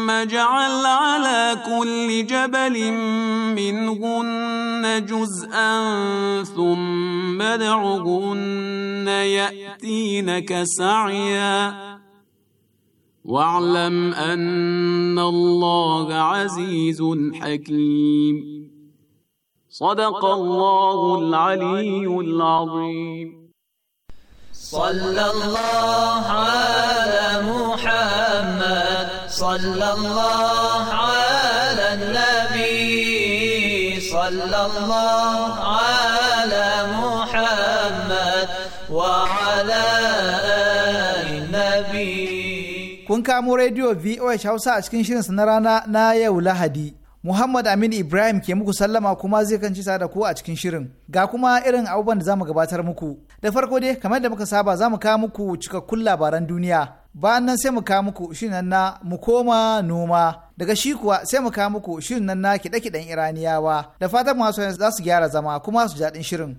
ثم جعل على كل جبل منهن جزءا ثم دعهن يأتينك سعيا واعلم أن الله عزيز حكيم صدق الله العلي العظيم صلى الله على محمد صلى الله على النبي صلى الله على محمد وعلى Kun kamo rediyo VOH Hausa a cikin shirinsa na rana na yau Lahadi. Muhammad Amin Ibrahim ke muku sallama kuma zai kanci da ku a cikin shirin. Ga kuma irin abubuwan da za mu gabatar muku. Da farko dai, kamar da muka saba za mu kawo muku cikakkun labaran duniya. bayan nan sai mu kawo muku shirin nan na mu koma noma daga shi kuwa sai mu kawo muku shirin nan na kiɗe-kiɗen iraniyawa da fatan masu za su gyara zama kuma su jaɗin shirin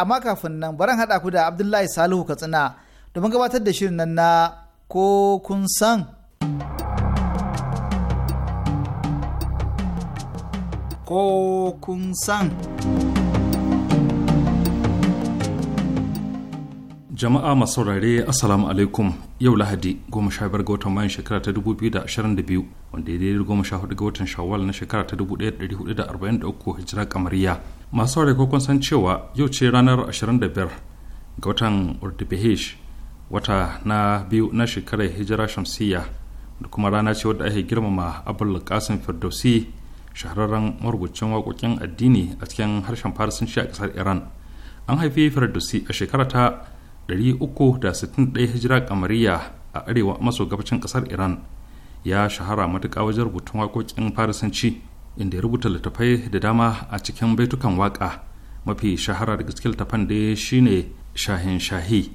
amma kafin nan baran haɗa ku da abdullahi salihu katsina domin gabatar da shirin nan na ko kun san ko kun san jama'a masu saurare assalamu alaikum yau lahadi goma sha biyar ga watan mayan shekara ta dubu biyu da ashirin da biyu wanda ya daidai goma sha hudu ga watan shawwal na shekara ta dubu ɗaya da ɗari hudu da arba'in da uku hijira kamariya masu saurare ko kun san cewa yau ce ranar ashirin da biyar ga watan urdubihish wata na biyu na shekarar hijira shamsiyya da kuma rana ce wadda ake girmama abul kasim firdausi shahararren marubucin waƙoƙin addini a cikin harshen farisanci a ƙasar iran an haifi firdausi a shekara ta 361 hijira kamariya a arewa maso gabacin kasar iran ya shahara matuƙa wajen rubutun waƙoƙin farisanci inda ya rubuta littattafai da dama a cikin baitukan waƙa mafi shahara da gaske littafan da shine shahin shahi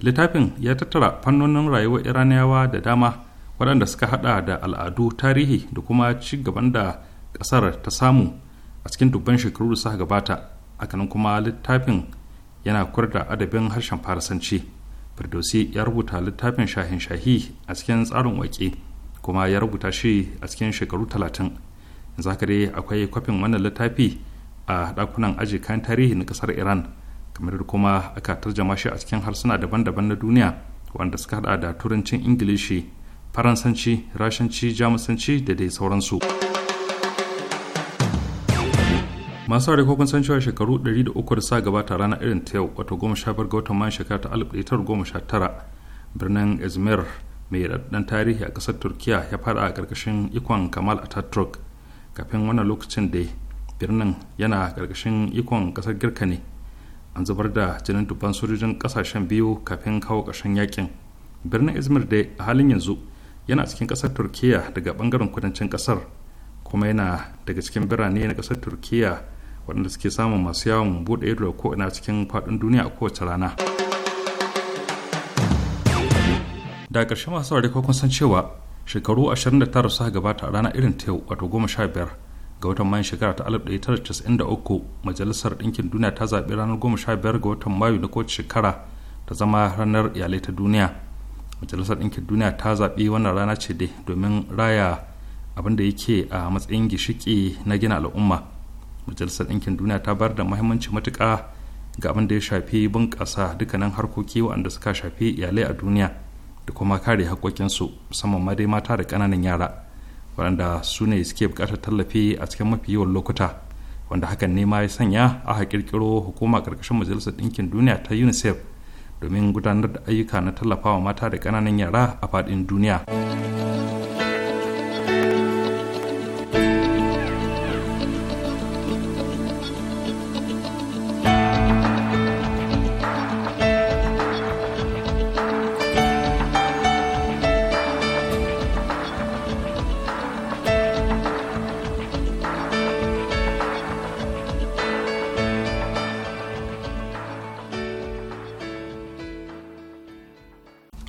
littafin ya tattara fannonin rayuwar iraniyawa da dama waɗanda suka haɗa da al'adu tarihi da kuma ci gaban da ƙasar ta samu a cikin dubban shekaru da suka gabata hakanan kuma littafin yana kurda adabin harshen farasanci firdausi ya rubuta littafin shahin shahi a cikin tsarin waƙe kuma ya rubuta shi a cikin shekaru talatin yanzu dai akwai kwafin wannan littafi a ɗakunan aji kayan tarihi na ƙasar iran kamar da kuma aka tarjama shi a cikin harsuna daban-daban na duniya wanda suka hada da turancin ingilishi faransanci rashanci jamusanci da dai sauransu. masu ko kun san cewa shekaru 300 da sa gabata rana irin ta yau wato goma sha ga watan mayan shekara ta alif goma sha tara birnin izmir mai daɗaɗɗen tarihi a ƙasar turkiya ya fara a ƙarƙashin ikon kamal ataturk kafin wannan lokacin da birnin yana ƙarƙashin ikon ƙasar girka ne an zubar da jinin dubban sojojin ƙasashen biyu kafin kawo ƙarshen yakin birnin izmir da a halin yanzu yana cikin ƙasar turkiya daga ɓangaren kudancin ƙasar kuma yana daga cikin birane na ƙasar turkiya waɗanda suke samun masu yawon buɗe ido ko ina cikin faɗin duniya a kowace rana da ƙarshe masu saurari kun san cewa shekaru 29 suka gabata a rana irin ta yau wato 15 ga watan mayan shekara ta 1993 majalisar ɗinkin duniya ta zaɓi ranar 15 ga watan mayu na kowace shekara ta zama ranar iyalai ta duniya majalisar ɗinkin duniya ta zaɓi wannan rana ce dai domin raya abin da yake a matsayin gishiki na gina al'umma majalisar ɗinkin duniya ta bayar da muhimmanci matuƙa ga abin da ya shafi bunƙasa dukkanin harkoki waɗanda suka shafi iyalai a duniya da kuma kare haƙoƙinsu musamman ma dai mata da ƙananan yara waɗanda su ne suke buƙatar tallafi a cikin mafi yawan lokuta wanda hakan ne ma ya sanya aka ƙirƙiro hukuma ƙarƙashin majalisar ɗinkin duniya ta unicef domin gudanar da ayyuka na tallafawa mata da ƙananan yara a faɗin duniya.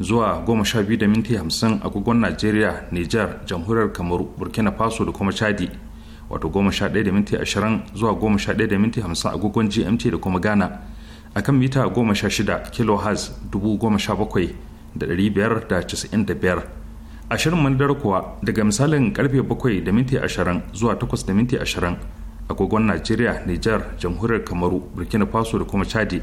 zuwa goma sha biyu da agogon najeriya niger jamhuriyar kamaru burkina faso da kuma chadi wato goma sha ɗaya zuwa goma sha ɗaya agogon gmt da kuma ghana akan mita goma sha shida kilohertz dubu goma bakwai da biyar da da biyar ashirin mandar kuwa daga misalin karfe bakwai da minti ashirin zuwa takwas da minti ashirin agogon najeriya niger jamhuriyar kamaru burkina faso da kuma chadi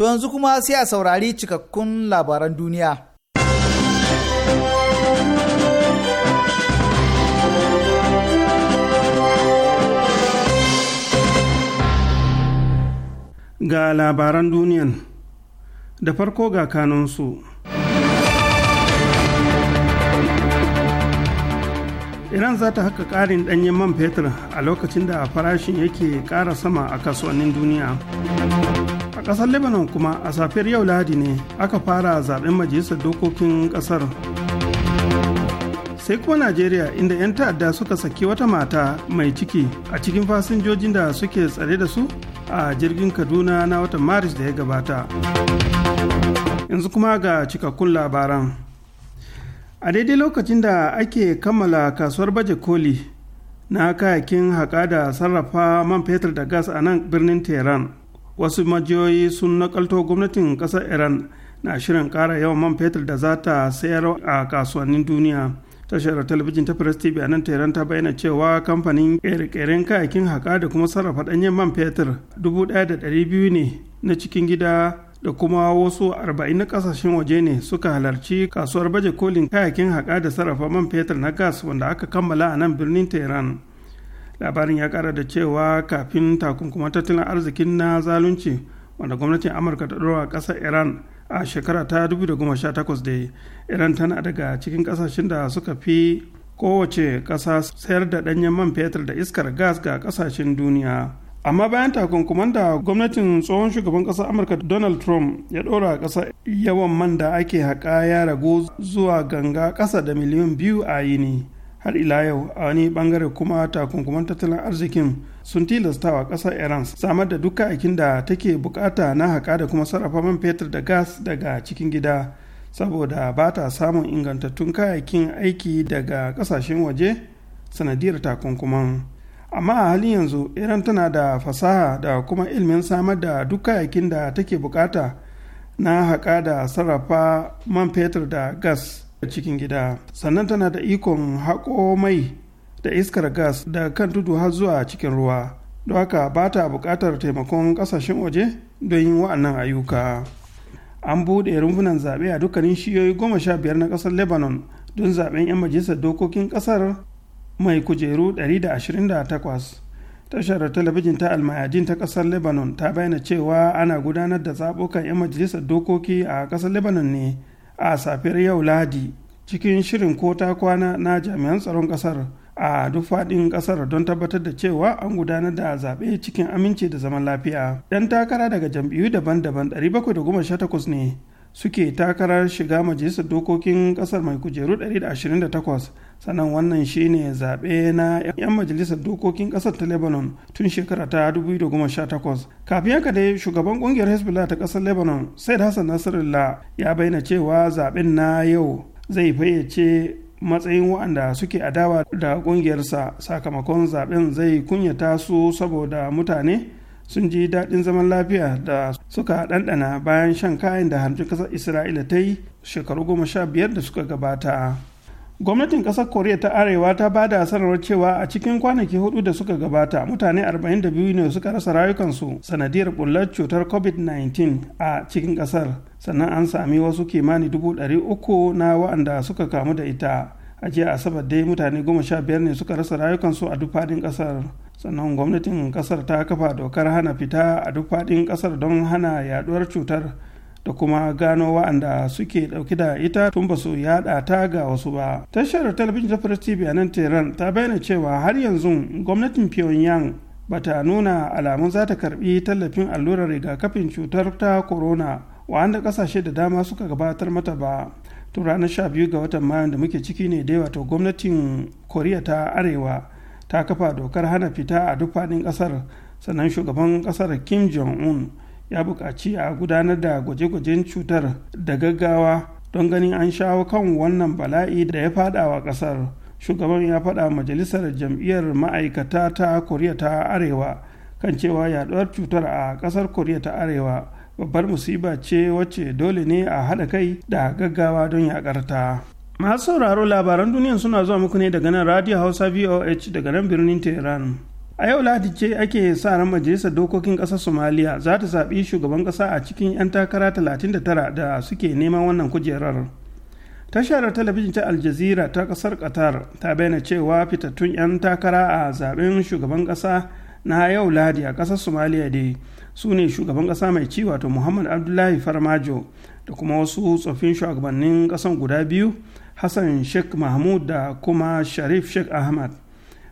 To yanzu kuma sai a saurari cikakkun labaran duniya. Ga labaran duniyan da farko ga kanunsu. Iran za ta haka ƙarin ɗanyen man fetur a lokacin da farashin yake ƙara sama a kasuwannin duniya. a ƙasar lebanon kuma a safiyar yau lahadi ne aka fara zaben majalisar dokokin ƙasar sai kuma najeriya inda 'yan ta'adda suka saki wata mata mai ciki a cikin fasinjojin da suke tsare da su a jirgin kaduna na watan maris da ya gabata yanzu kuma ga cikakkun labaran a daidai lokacin da ake kammala kasuwar baje koli na kayakin haƙa da sarrafa man fetur da gas a nan birnin tehran wasu majiyoyi sun nakalto gwamnatin ƙasar iran na shirin kara yawan man fetur da za ta sayar a kasuwannin duniya tashar talabijin ta press tv a nan tehran ta bayyana cewa kamfanin ƙere kayakin haka da kuma sarrafa ɗanyen man fetur 1,200 ne na cikin gida da kuma wasu arba'in na kasashen waje ne suka halarci kasuwar baje kolin kayakin haka da sarrafa man fetur na gas wanda aka kammala a nan birnin tehran labarin ya kara da cewa kafin takunkuma tattalin arzikin na zalunci wanda gwamnatin amurka ta ɗora ƙasar iran a shekara ta 2018 da iran tana daga cikin kasashen da suka fi kowace ƙasa sayar da ɗanyen man fetur da iskar gas ga ƙasashen duniya amma bayan takunkuman da gwamnatin tsohon shugaban ƙasar amurka donald trump ya ɗora ƙasa yawan man da ake haƙa ya ragu zuwa ganga ƙasa da miliyan biyu a yini har ila yau a wani bangare kuma takunkuman tattalin arzikin sun tilastawa ƙasar iran samar da duk aikin da take bukata na haƙa da kuma sarrafa man fetur da gas daga cikin gida saboda ba ta samun ingantattun kayayyakin aiki daga ƙasashen waje sanadiyar takunkuman amma a halin yanzu iran tana da fasaha da kuma ilimin samar da duk kayayyakin da take bukata na haƙa da sarrafa man fetur da gas cikin gida sannan tana da ikon haƙo mai da iskar gas daga kan tudu har zuwa cikin ruwa don haka ba ta buƙatar taimakon ƙasashen waje don yin wa'annan ayyuka an buɗe rumfunan zaɓe a dukkanin shiyoyi goma sha biyar na ƙasar lebanon don zaɓen 'yan majalisar dokokin ƙasar mai kujeru 128 tashar talabijin ta almayadin ta ƙasar lebanon ta bayyana cewa ana gudanar da zaɓukan 'yan majalisar dokoki a ƙasar lebanon ne a safiyar yau ladi cikin shirin ko ta kwana na jami'an tsaron kasar a duk faɗin kasar don tabbatar da cewa an gudanar da zaɓe cikin aminci da zaman lafiya ɗan takara daga jam'iyyu daban-daban 718 ne suke takarar shiga majalisar dokokin kasar mai kujeru 128 sannan wannan shine zaɓe na 'yan majalisar dokokin ƙasar ta lebanon tun shekara ta 2018 kafin haka dai shugaban ƙungiyar hezbollah ta ƙasar lebanon said hassan nasarallah ya bayyana cewa zaɓen na yau zai fayyace matsayin wa'anda suke adawa da ƙungiyarsa sakamakon zaɓen zai kunyata su saboda mutane sun ji daɗin zaman lafiya da suka ɗanɗana bayan shan kayan da hamsin ƙasar isra'ila ta yi shekaru goma sha biyar da suka gabata gwamnatin kasar koriya ta arewa ta ba da sanarwar cewa a cikin kwanaki hudu da suka gabata mutane 42 ne suka rasa rayukansu sanadiyar bullar cutar covid-19 a cikin kasar sannan an sami wasu kimani 300 na waɗanda suka kamu da ita a jiya asabar dai mutane 15 ne suka rasa rayukansu a duk faɗin kasar sannan gwamnatin kasar ta kafa dokar hana fita a duk faɗin kasar don hana yaduwar cutar da kuma gano wa'anda suke dauke da ita tun ba su yada ta ga wasu ba tashar talabijin ta press tv a nan tehran ta bayyana cewa har yanzu gwamnatin pyongyang ba ta nuna alamun za ta karbi tallafin allurar rigakafin cutar ta corona wa'anda kasashe da dama suka gabatar mata ba tun ranar 12 ga watan mayu da muke ciki ne dai wato gwamnatin koriya ta arewa ta kafa dokar hana fita a duk faɗin ƙasar sannan shugaban ƙasar kim jong-un ya buƙaci a gudanar da gwaje-gwajen cutar da gaggawa don ganin an shawo kan wannan bala'i da ya faɗawa ƙasar shugaban ya faɗa majalisar jam'iyyar ma'aikata ta koriya ta arewa kan cewa yaɗuwar cutar a ƙasar koriya ta arewa babbar musiba ce wacce dole ne a haɗa kai da gaggawa don yaƙarta masu sauraro labaran duniya suna zuwa muku ne daga nan radio hausa voh daga nan birnin tehran a yau ladi ce ake sa ran majalisar dokokin ƙasar somaliya za ta zaɓi shugaban ƙasa a cikin 'yan takara 39 da suke neman wannan kujerar tashar talabijin ta aljazira ta ƙasar qatar ta bayyana cewa fitattun 'yan takara a zaɓen shugaban ƙasa na yau ladi a ƙasar somaliya dai su ne shugaban ƙasa mai ci wato muhammad abdullahi farmajo da kuma wasu tsoffin shugabannin ƙasan guda biyu hassan sheikh mahmud da kuma sharif sheikh ahmad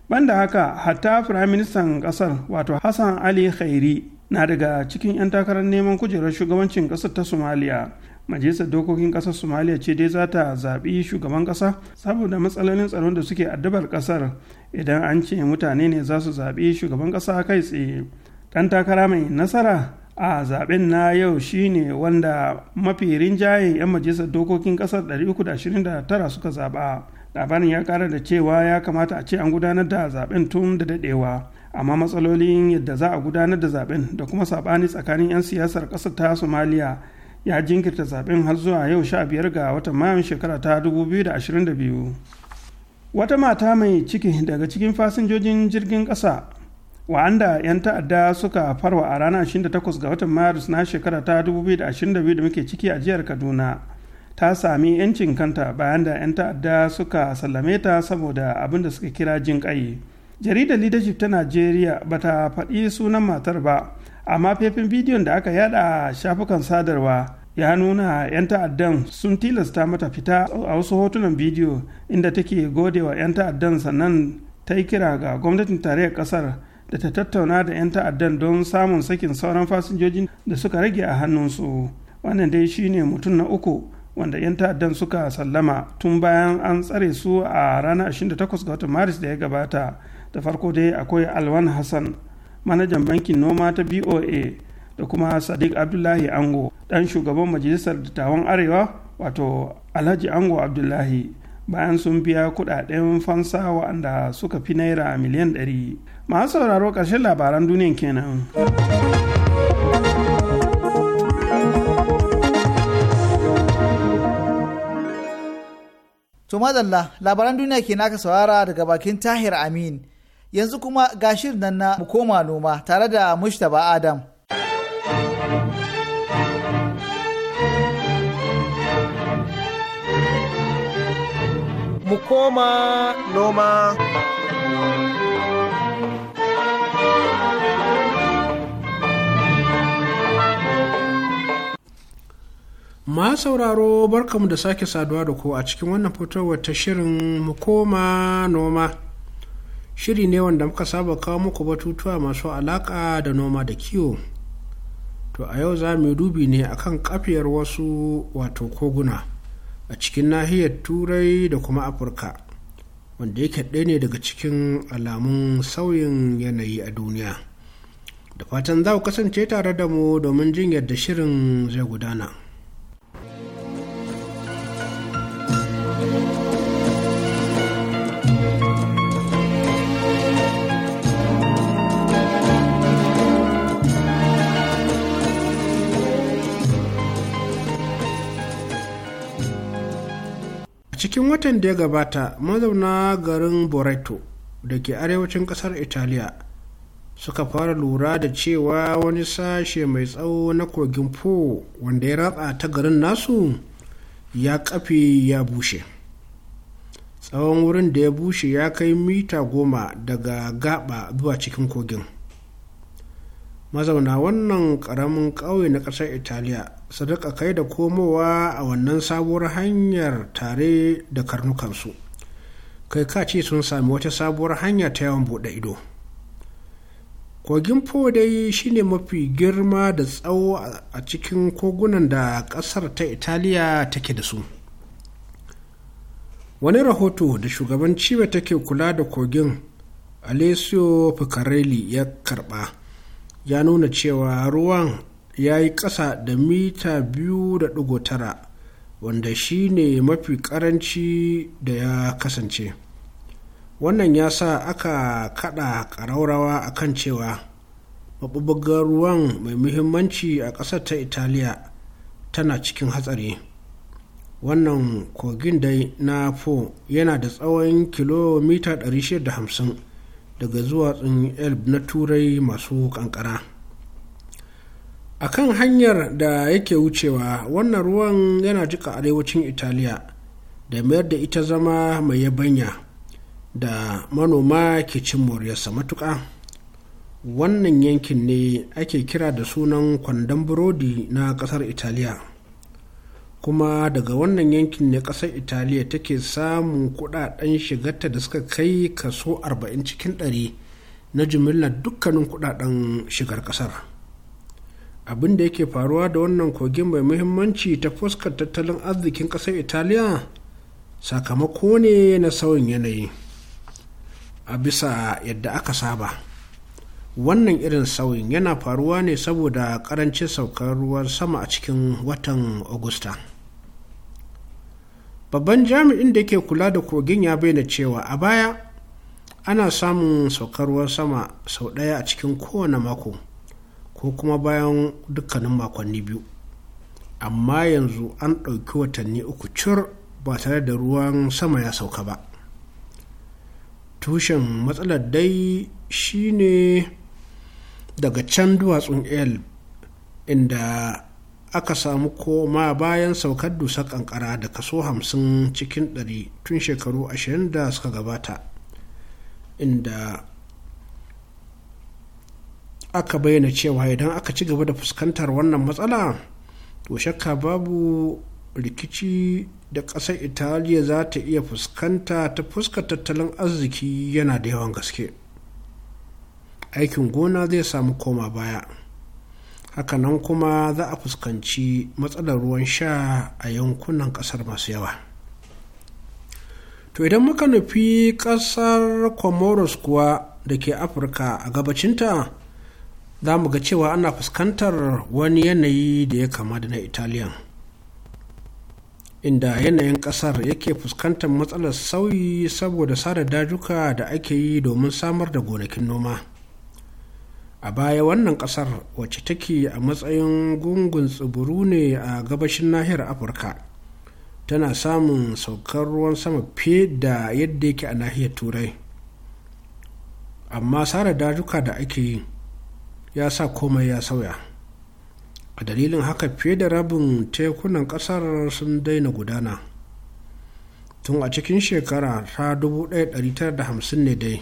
banda haka hatta firaministan kasar wato hassan ali khairi na daga cikin 'yan takarar neman kujerar shugabancin kasar ta somaliya majalisar dokokin kasar somaliya ce dai za ta zaɓi shugaban ƙasa saboda matsalolin tsaron da suke addabar kasar idan an ce mutane ne za su zaɓi shugaban ƙasa kai tsaye ɗan takara mai nasara a zaɓen na yau shine wanda mafi rinjayen 'yan majalisar dokokin ƙasar 329 suka zaɓa labarin ya kara da cewa ya kamata a ce an gudanar da zaben tun da dadewa amma matsalolin yadda za a gudanar da zaben da kuma sabani tsakanin 'yan siyasar ƙasar ta somaliya ya jinkirta zaben har zuwa yau sha biyar ga watan mayan shekara ta 2022 wata mata mai ciki daga cikin fasinjojin jirgin ƙasa wa'anda 'yan ta'adda suka farwa a ranar 28 ga watan maris na shekara ta 2022 da muke ciki a jihar kaduna ta sami 'yancin kanta bayan da 'yan ta'adda suka sallame ta saboda abin da suka kira jin ƙai jaridar leadership ta najeriya ba ta faɗi sunan matar ba amma faifin bidiyon da aka yada shafukan sadarwa ya nuna 'yan ta'addan sun tilasta mata fita a wasu hotunan bidiyo inda take gode wa 'yan ta'addan sannan ta yi kira ga gwamnatin tarayyar kasar da ta tattauna da 'yan ta'addan don samun sakin sauran fasinjojin da suka rage a hannunsu wannan dai shine mutum na uku wanda 'yan ta'addan suka sallama tun bayan an tsare su a ranar 28 ga watan maris da ya gabata da farko dai akwai alwan hassan manajan bankin noma ta boa da kuma sadiq abdullahi ango dan shugaban majalisar dattawan arewa wato alhaji ango abdullahi bayan sun biya kudaden fansa wa'anda suka fi naira miliyan 100 masu sauraro ƙarshen labaran duniyan kenan. To madalla labaran duniya ke naka saurara daga bakin Tahir Amin. Yanzu kuma ga shirin nan na Mu koma noma tare da Mushtaba Adam. Mu koma noma. Ma sauraro barkamu da sake saduwa da ku a cikin wannan fitowar ta shirin mu koma noma. Shiri ne wanda muka saba kawo muku batutuwa masu alaƙa da noma da kiwo. To a yau za mu dubi ne akan kafiyar wasu wato koguna a cikin nahiyar Turai da kuma Afirka wanda yake ɗaya ne daga cikin alamun sauyin yanayi a duniya. Da fatan za ku kasance tare da mu domin jin yadda shirin zai gudana. cikin watan da ya gabata mazauna garin boreto da ke arewacin kasar italiya suka fara lura da cewa wani sashe mai tsawo na kogin po wanda ya ratsa ta garin nasu ya kafe ya bushe tsawon wurin da ya bushe ya kai mita goma daga gaba zuwa cikin kogin mazauna wannan ƙaramin ƙauye na ƙasar italiya rika kai da komowa a wannan sabuwar hanyar tare da karnukansu kai ka ce sun sami wata sabuwar hanya ta yawan buɗe ido kogin po dai shine mafi girma da tsawo a cikin kogunan da ƙasar ta italiya take da su wani rahoto da shugaban cibe take kula da kogin alessio picarelli ya karba ya nuna cewa ruwan ya yi ƙasa da mita 2.9 wanda shi ne mafi ƙaranci da ya kasance wannan ya sa aka kaɗa ƙaraurawa a kan cewa maɓuɓɓugar ruwan mai muhimmanci a ƙasar ta italiya tana cikin hatsari wannan kogin dai na po yana da tsawon kilomita 650 daga zuwa tsin elb na turai masu kankara. a kan hanyar da yake wucewa wannan ruwan yana jika arewacin italiya da mayar da ita zama mai yabanya da manoma ke cin moriyarsa matuƙa wannan yankin ne ake kira da sunan kwandon burodi na ƙasar italiya kuma daga wannan yankin ne ƙasar italiya take samun kudaden shigarta da suka kai kaso 40 cikin 100 na jimillar dukkanin kudaden shigar ƙasar. abin da yake faruwa da wannan kogin mai muhimmanci ta fuskar tattalin arzikin ƙasar italiya sakamako ne na sauyin yanayi a bisa yadda aka saba wannan irin sauyin yana faruwa ne saboda ƙarancin saukar ruwan sama a cikin watan agusta babban jami'in da ke kula da kogin ya bayyana cewa a baya ana samun saukar ruwan sama sau ɗaya a cikin kowane mako ko kuma bayan dukkanin makonni biyu amma yanzu an ɗauki watanni uku cur ba tare da ruwan sama ya sauka ba tushen matsalar dai shine daga can duwatsun el inda aka samu koma bayan saukar dusar kankara da kaso 50 cikin 100 tun shekaru 20 da suka gabata inda aka bayyana cewa idan aka ci gaba da fuskantar wannan matsala to shakka babu rikici da ƙasar italiya za ta iya fuskanta ta fuskar tattalin arziki yana da yawan gaske aikin gona zai samu koma baya hakanan kuma za a fuskanci matsalar ruwan sha a yankunan ƙasar masu yawa to idan muka nufi ƙasar comoros kuwa da ke afirka a gabacinta za mu ga cewa ana fuskantar wani yanayi da ya kama da na italiya inda yanayin kasar yake fuskantar matsalar sauyi saboda sada dajuka da ake yi domin samar da gonakin noma a baya wannan kasar wacce take a matsayin gungun tsibiru ne a gabashin nahiyar afirka tana samun saukar ruwan sama fiye da yadda yake a nahiyar turai amma sada dajuka da ake yi ya sa komai ya sauya a dalilin haka fiye da rabin tekunan kasar sun daina gudana tun a cikin shekara ta 1950 ne dai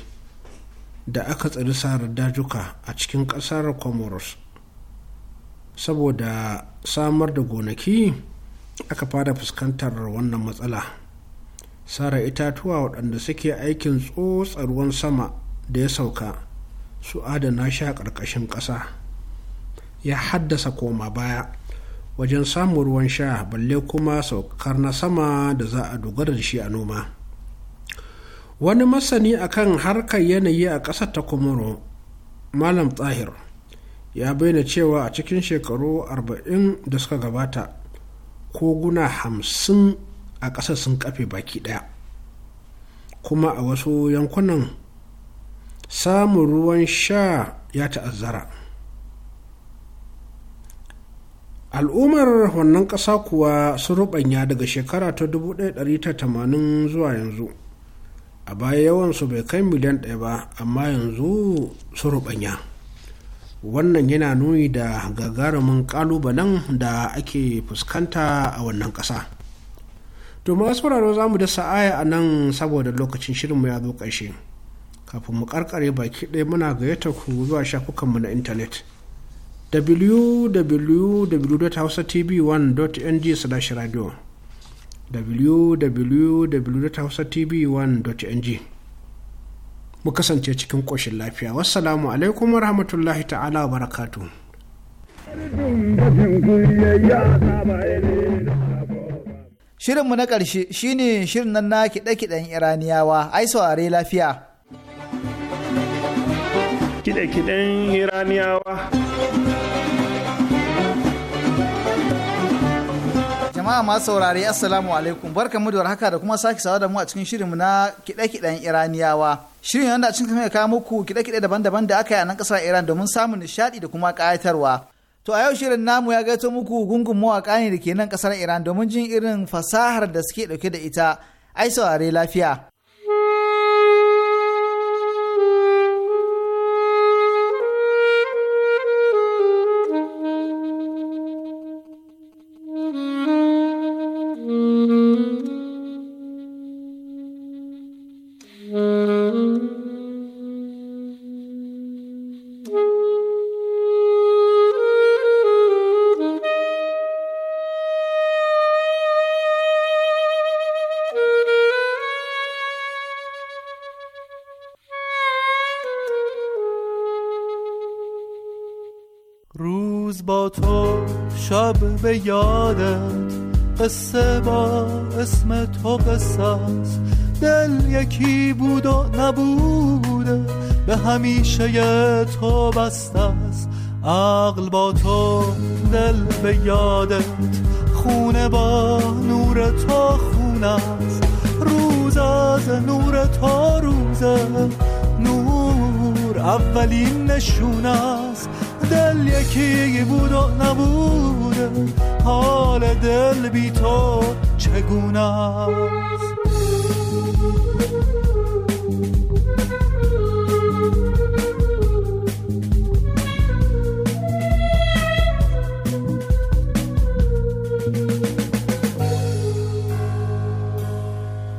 da aka tsiri sarar dajuka a cikin kasar comoros saboda samar da gonaki aka fara fuskantar wannan matsala sara itatuwa waɗanda suke aikin tsotsar ruwan sama da ya sauka su adana shi a ƙarƙashin ƙasa ya haddasa koma baya wajen samun ruwan sha balle kuma saukar na sama da za a dogara da shi a noma wani masani akan harkar yanayi a ƙasar ta Kumuro, malam tsahir ya bayyana cewa a cikin shekaru 40 da suka gabata koguna 50 a ƙasar sun kafe baki ɗaya kuma a wasu yankunan samun ruwan sha ya ta'azzara al'ummar wannan ƙasa kuwa sun rubanya daga shekara ta 1980 zuwa yanzu a baya yawansu bai kai miliyan ɗaya ba amma yanzu sun rubanya wannan yana nuni da gagarumin ƙalubalen da ake fuskanta a wannan ƙasa to masu sauraro za mu da sa'aya a nan saboda lokacin shirinmu ya zo ƙarshe kafin mu karkare baki ɗaya muna gayyata ku zuwa shafukanmu na intanet www.hausatv1.ng/radio www.hausatv1.ng mu kasance cikin ƙoshin lafiya wassalamu alaikum wa rahmatullahi ta'ala wa barakatu Shirinmu na ƙarshe shine shirin nan na kiɗe-kiɗen Iraniyawa, ai saurare lafiya. kide-kiden iraniyawa jama'a masu saurari assalamu alaikum barkamu da haka da kuma sake sawa da mu a cikin shirinmu na kide-kiden iraniyawa shirin yanda cikin kamar kawo muku kide-kide daban-daban da aka yi a nan kasar iran domin samun nishadi da kuma kayatarwa to a yau shirin namu ya gaito muku gungun mawaƙa ne da ke nan kasar iran domin jin irin fasahar da suke dauke da ita ai saurare lafiya روز با تو شب به یادت قصه با اسم تو قصه دل یکی بود و نبوده به همیشه تو بسته است عقل با تو دل به یادت خونه با نور تو خونه است روز از نور تو روزه نور اولین نشونه دل یکی بود و نبوده حال دل بی تو چگونه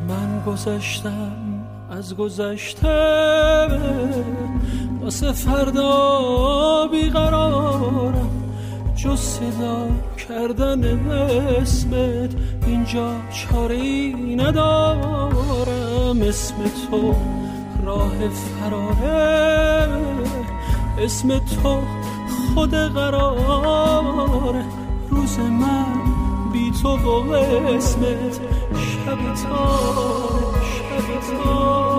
من گذشتم از گذشته واسه فردا بیقرارم جز صدا کردن اسمت اینجا چاری ندارم اسم تو راه فراره اسم تو خود قراره روز من بی تو و اسمت شب تا شب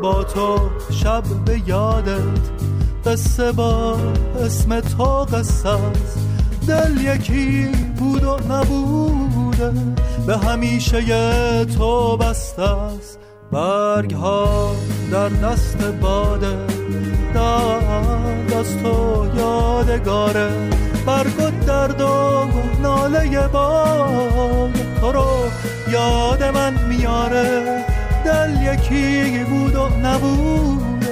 با تو شب به یادت قصه با اسم تو قصه است دل یکی بود و نبوده به همیشه تو بسته است برگ ها در دست باده در از تو یادگاره برگ و درد و ناله باد تو رو یاد من میاره دل یکی بود و نبود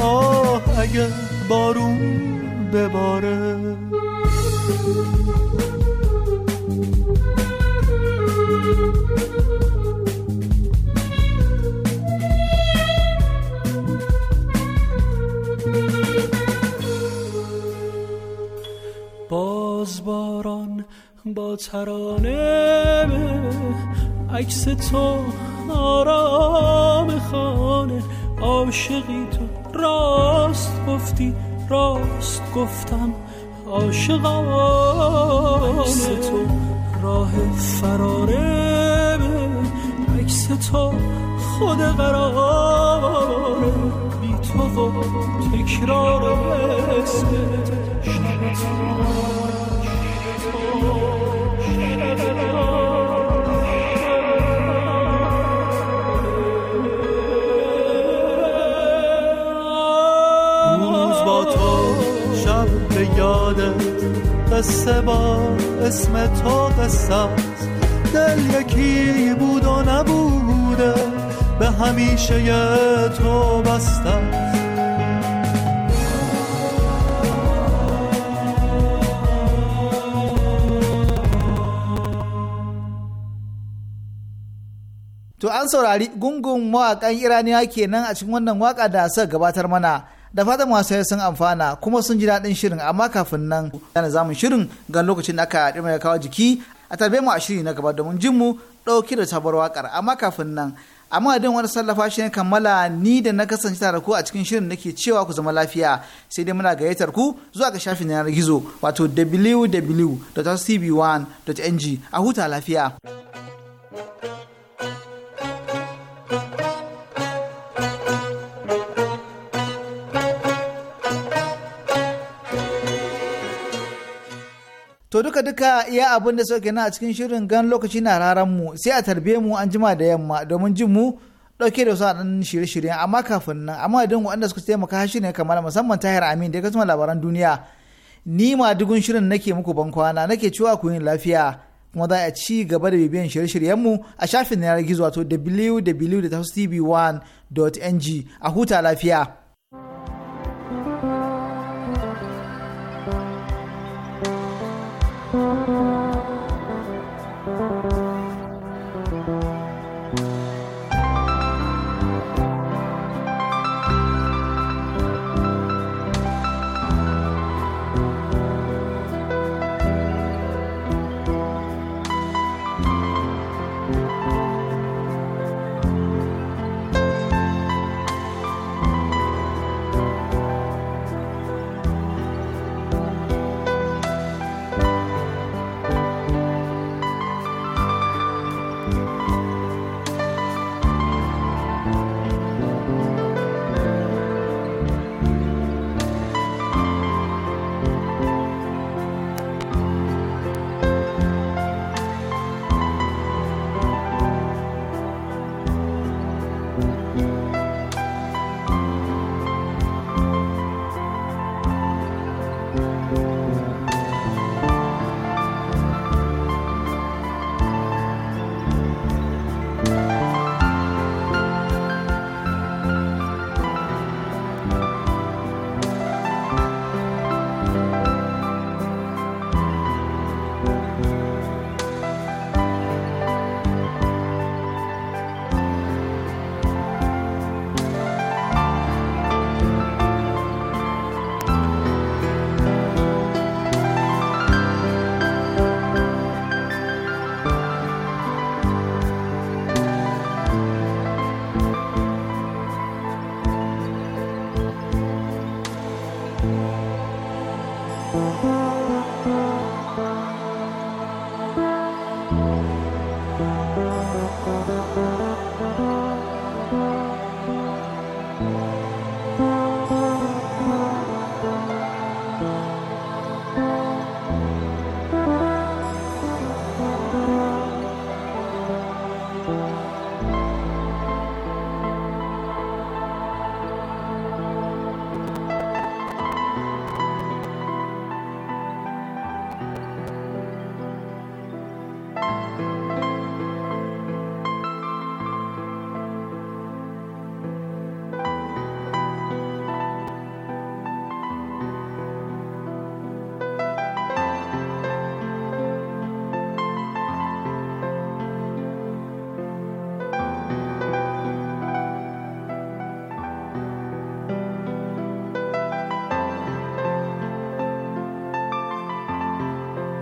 آه اگه بارون بباره باز باران با ترانه عکس تو آرام خانه عاشقی تو راست گفتی راست گفتم عاشقانه تو راه فراره به عکس تو خود قراره بی تو و تکرار قصه با اسم تو قصه است دل یکی بود و نبوده به همیشه ی تو بسته To an saurari gungun mawaƙan Iraniya kenan a cikin wannan waƙa da sa gabatar mana da fatan masu sun amfana kuma sun ji daɗin shirin amma kafin nan yana zamun shirin ga lokacin da aka ɗirma kawo jiki a tarbe mu a shiri na gaba domin jin mu ɗauki da sabuwar waƙar amma kafin nan amma idan wani sallafa shi ne kammala ni da na kasance tare ku a cikin shirin da ke cewa ku zama lafiya sai dai muna gayyatar ku zuwa ga shafin yanar gizo wato wwwcb 1ng a huta lafiya. To duka duka iya abin da sauke na a cikin shirin gan lokaci na raran mu sai a tarbe mu an jima da yamma domin jin mu dauke da wasu ɗan shirye-shiryen amma kafin nan amma idan waɗanda suka taimaka shi ne kamar musamman tahir amin da ya kasance labaran duniya ni ma dugun shirin nake muku ban kwana nake cewa ku yin lafiya kuma za a ci gaba da bibiyan shirye-shiryen mu a shafin yanar gizo wato www.tv1.ng a huta lafiya.